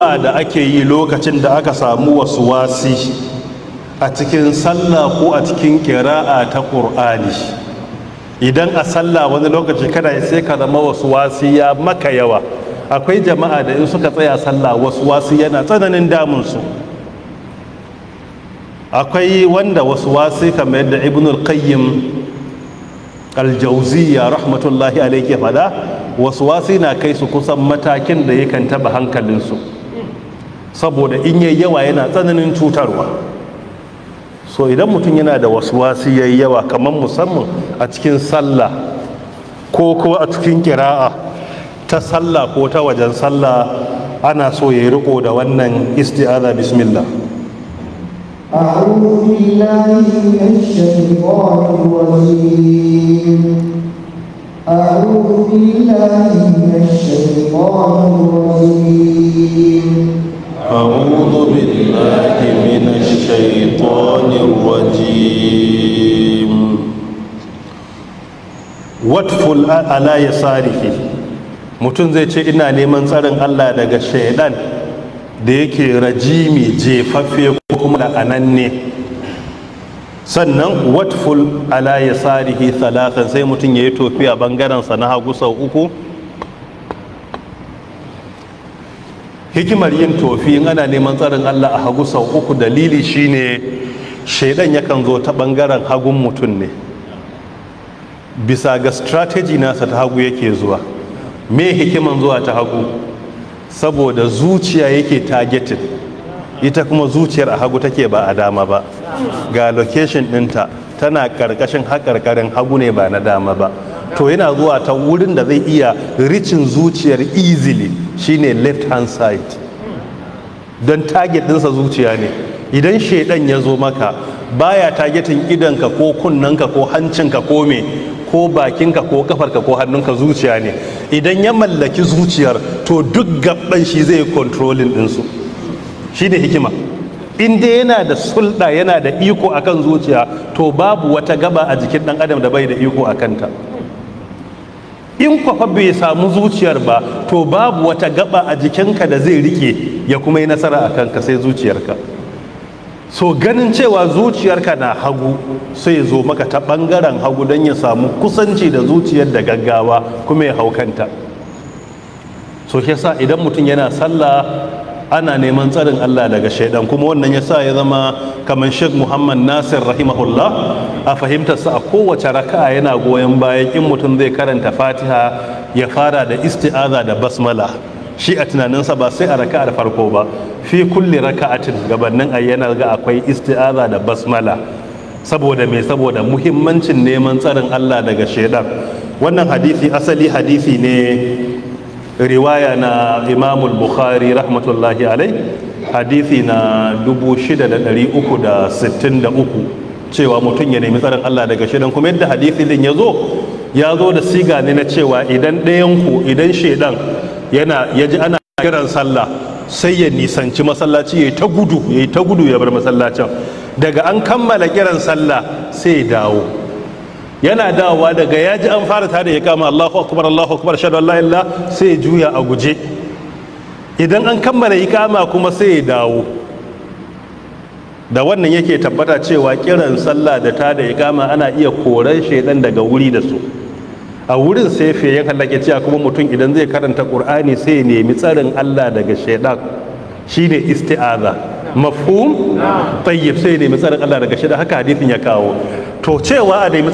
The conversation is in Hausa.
da ake yi lokacin da aka samu wasu wasi a cikin sallah ko a cikin kira'a ta ƙur'ani idan a sallah wani lokaci ya sai ka zama wasu wasi ya maka yawa akwai jama'a da in suka tsaya sallah wasu wasi yana tsananin damunsu akwai wanda wasu wasi kamar yadda ibn al-qayyim al-jawziya rahmatullahi alayhi fada wasu wasi na kai su kusan matakin da yakan taba hankalinsu saboda in yi yawa yana tsananin cutarwa so idan mutum yana da wasu wasu yayi yawa kamar musamman a cikin sallah ko kuma a cikin kira'a ta sallah ko ta wajen sallah ana so ya yi riko da wannan isti'aza bismillah أعوذ بالله من الشيطان الرجيم أعوذ بالله من الشيطان الرجيم أعوذ بالله من الشيطان الرجيم watful ala ya sarihi mutum zai ce ina neman tsarin allah daga shaidan da yake rajimi jefaffe ko kuma la'ananne sannan watful ala ya sarihi sai mutum ya yi tofi a bangarensa na hagu sau uku hikimar yin tofi in ana neman tsarin allah a hagu sau uku dalili shine shaidan yakan zo ta bangaren hagun mutum ne bisa ga strategy nasa ta hagu yake zuwa me hikiman zuwa ta hagu saboda zuciya yake targeted ita kuma zuciyar a hagu take ba a dama ba ga location ɗinta tana ƙarƙashin haƙarƙarin hagu ne ba na dama ba to yana zuwa ta wurin da zai iya ricin zuciyar easily shine left hand side don target dinsa zuciya ne idan shaidan ya zo maka baya targetin idanka ko kunnanka ko hancinka ko me ko bakinka ko kafarka ko hannunka zuciya ne idan ya mallaki zuciyar to duk gaban shi zai controlling dinsu shi ne hikima in dai yana da sulɗa yana da iko akan zuciya to babu wata gaba a jikin ɗan adam da bai da iko a kanta in kwafa bai samu zuciyar ba to babu wata gaba a jikinka da zai rike ya kuma yi nasara a kanka sai zuciyarka so ganin cewa zuciyarka na hagu sai zo maka ta bangaren hagu don ya samu kusanci da zuciyar da gaggawa kuma ya haukanta so shi yasa idan mutum yana sallah ana neman tsarin Allah daga shaidan kuma wannan ya sa ya zama kamar Sheikh Muhammad Nasir rahimahullah a fahimtarsa a kowace raka'a yana goyon bayan in mutum zai karanta Fatiha ya fara da isti'aza da basmala shi a tunaninsa ba sai a raka'ar farko ba fi kulli raka'atin gabanin ayyana ga akwai isti'aza da basmala saboda me saboda muhimmancin neman tsarin Allah daga shaidan wannan hadisi asali hadisi ne riwaya na imamul bukhari rahmatullahi alai hadithi na 6363 cewa mutum ya nemi tsarin Allah daga shidan kuma yadda hadithi din ya zo ya zo da siga ne na cewa idan ɗayanku idan shaidan yana ya ji ana kiran sallah sai ya nisanci masallaci ya ta gudu ya yi ta gudu ya bar masallacin daga an kammala kiran sallah sai ya dawo yana dawowa daga ya ji an fara tare ya kama Allahu akbar Allahu akbar shadu Allah illa sai ya juya a guje idan an kammala ikama kuma sai ya dawo da wannan yake tabbata cewa kiran sallah da tada ya ikama ana iya koran shaidan daga wuri da su a wurin sai ya halake cewa kuma mutum idan zai karanta qur'ani sai ya nemi tsarin Allah daga shaidan shine isti'aza mafhum tayyib sai ya nemi tsarin Allah daga shaidan haka hadisin ya kawo to cewa a nemi